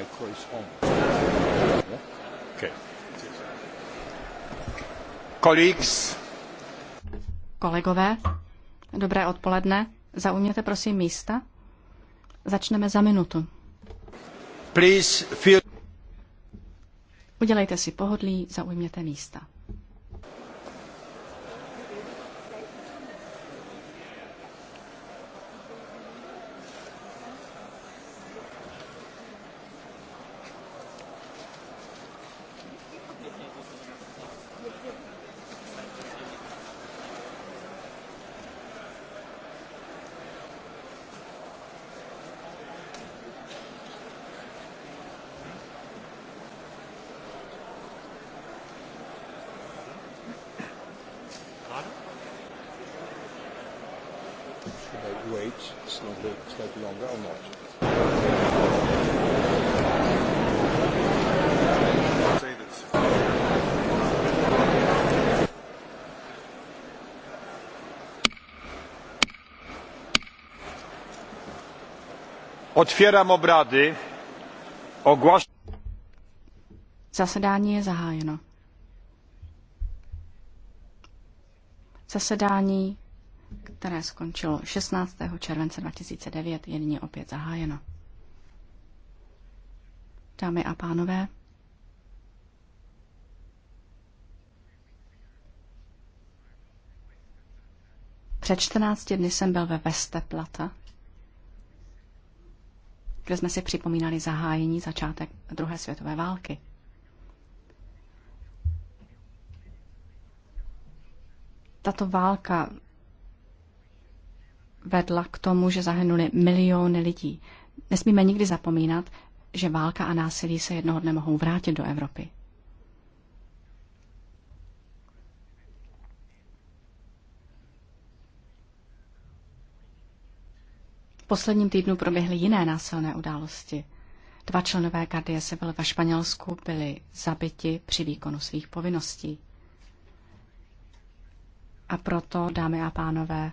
I correspond. Okay. Colleagues. Kolegové, dobré odpoledne. Zaujměte prosím místa. Začneme za minutu. Please feel... Udělejte si pohodlí, zaujměte místa. they wait slightly, slightly longer or oh, not. Otwieram obrady. Ogłaszam. Zasedání je zahájeno. Zasedání které skončilo 16. července 2009, je nyní opět zahájeno. Dámy a pánové, před 14 dny jsem byl ve Vesteplata, kde jsme si připomínali zahájení začátek druhé světové války. Tato válka vedla k tomu, že zahynuli miliony lidí. Nesmíme nikdy zapomínat, že válka a násilí se jednoho dne mohou vrátit do Evropy. V posledním týdnu proběhly jiné násilné události. Dva členové se Civil ve Španělsku byli zabiti při výkonu svých povinností. A proto, dámy a pánové,